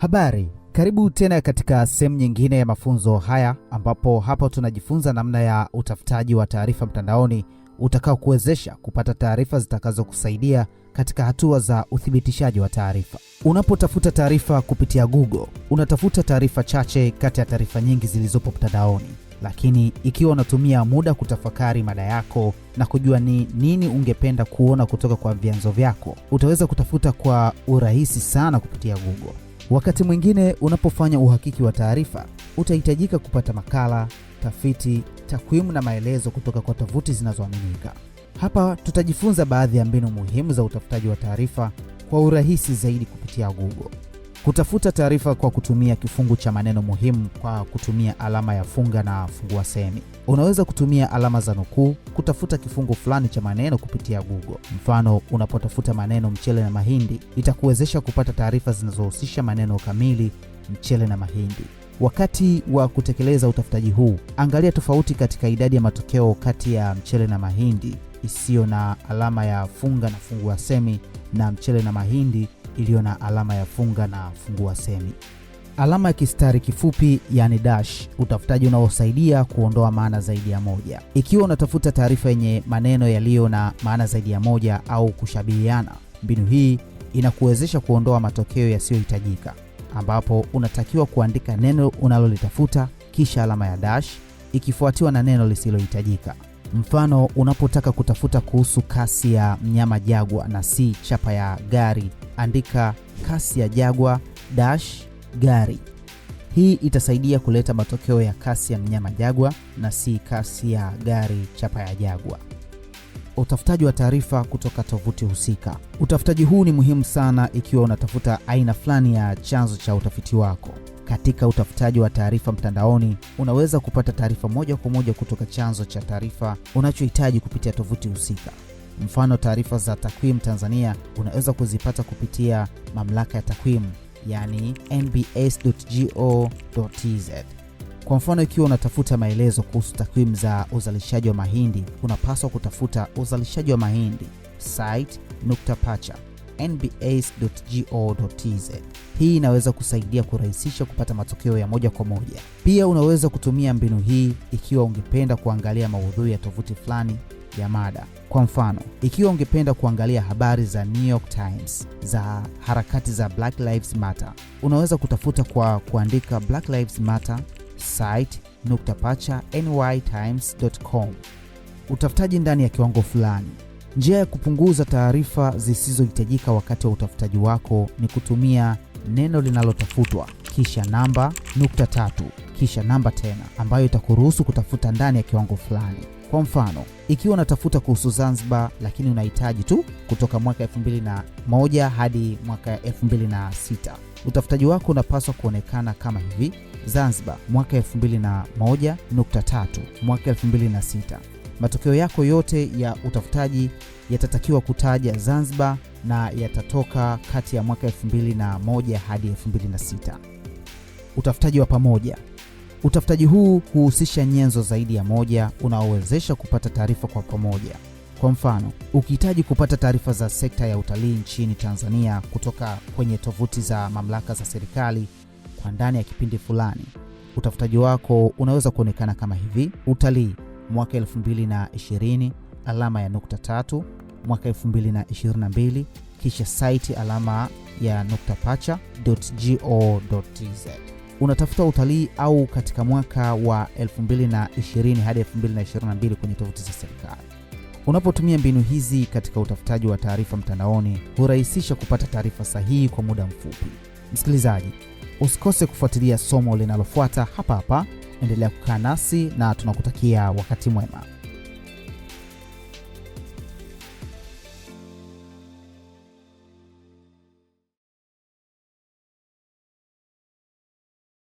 Habari, karibu tena katika sehemu nyingine ya mafunzo haya ambapo hapo tunajifunza namna ya utafutaji wa taarifa mtandaoni utakaokuwezesha kupata taarifa zitakazokusaidia katika hatua za uthibitishaji wa taarifa. Unapotafuta taarifa kupitia Google, unatafuta taarifa chache kati ya taarifa nyingi zilizopo mtandaoni. Lakini ikiwa unatumia muda kutafakari mada yako na kujua ni nini ungependa kuona kutoka kwa vyanzo vyako, utaweza kutafuta kwa urahisi sana kupitia Google. Wakati mwingine unapofanya uhakiki wa taarifa, utahitajika kupata makala, tafiti, takwimu na maelezo kutoka kwa tovuti zinazoaminika. Hapa tutajifunza baadhi ya mbinu muhimu za utafutaji wa taarifa kwa urahisi zaidi kupitia Google. Kutafuta taarifa kwa kutumia kifungu cha maneno muhimu kwa kutumia alama ya funga na fungua semi. Unaweza kutumia alama za nukuu kutafuta kifungu fulani cha maneno kupitia Google. Mfano, unapotafuta maneno mchele na mahindi, itakuwezesha kupata taarifa zinazohusisha maneno kamili mchele na mahindi. Wakati wa kutekeleza utafutaji huu, angalia tofauti katika idadi ya matokeo kati ya mchele na mahindi isiyo na alama ya funga na fungua semi na mchele na mahindi iliyo na alama ya funga na fungua semi. Alama ya kistari kifupi yani dash, utafutaji unaosaidia kuondoa maana zaidi ya moja. Ikiwa unatafuta taarifa yenye maneno yaliyo na maana zaidi ya moja au kushabihiana, mbinu hii inakuwezesha kuondoa matokeo yasiyohitajika, ambapo unatakiwa kuandika neno unalolitafuta kisha alama ya dash ikifuatiwa na neno lisilohitajika. Mfano, unapotaka kutafuta kuhusu kasi ya mnyama jagwa na si chapa ya gari andika kasi ya jagwa dash gari. Hii itasaidia kuleta matokeo ya kasi ya mnyama jagwa na si kasi ya gari chapa ya jagwa. Utafutaji wa taarifa kutoka tovuti husika. Utafutaji huu ni muhimu sana ikiwa unatafuta aina fulani ya chanzo cha utafiti wako. Katika utafutaji wa taarifa mtandaoni, unaweza kupata taarifa moja kwa moja kutoka chanzo cha taarifa unachohitaji kupitia tovuti husika. Mfano, taarifa za takwimu Tanzania unaweza kuzipata kupitia mamlaka ya takwimu, yani nbs.go.tz. Kwa mfano, ikiwa unatafuta maelezo kuhusu takwimu za uzalishaji wa mahindi, unapaswa kutafuta uzalishaji wa mahindi site nukta pacha nbs.go.tz. Hii inaweza kusaidia kurahisisha kupata matokeo ya moja kwa moja. Pia unaweza kutumia mbinu hii ikiwa ungependa kuangalia maudhui ya tovuti fulani ya mada. Kwa mfano, ikiwa ungependa kuangalia habari za New York Times za harakati za Black Lives Matter, unaweza kutafuta kwa kuandika Black Lives Matter site nukta pacha nytimes.com. Utafutaji ndani ya kiwango fulani. Njia ya kupunguza taarifa zisizohitajika wakati wa utafutaji wako ni kutumia neno linalotafutwa kisha namba nukta tatu kisha namba tena ambayo itakuruhusu kutafuta ndani ya kiwango fulani. Kwa mfano, ikiwa unatafuta kuhusu Zanzibar lakini unahitaji tu kutoka mwaka 21 hadi mwaka 26 utafutaji wako unapaswa kuonekana kama hivi: Zanzibar mwaka 213 mwaka 26 Matokeo yako yote ya utafutaji yatatakiwa kutaja Zanzibar na yatatoka kati ya mwaka 21 hadi 26 Utafutaji wa pamoja Utafutaji huu huhusisha nyenzo zaidi ya moja unaowezesha kupata taarifa kwa pamoja. Kwa mfano, ukihitaji kupata taarifa za sekta ya utalii nchini Tanzania kutoka kwenye tovuti za mamlaka za serikali kwa ndani ya kipindi fulani, utafutaji wako unaweza kuonekana kama hivi: utalii mwaka 2020 alama ya nukta tatu, mwaka 2022 kisha saiti alama ya nukta pacha.go.tz unatafuta utalii au katika mwaka wa 2020 hadi 2022 kwenye tovuti za serikali. Unapotumia mbinu hizi katika utafutaji wa taarifa mtandaoni, hurahisisha kupata taarifa sahihi kwa muda mfupi. Msikilizaji, usikose kufuatilia somo linalofuata hapa hapa. Endelea kukaa nasi na tunakutakia wakati mwema.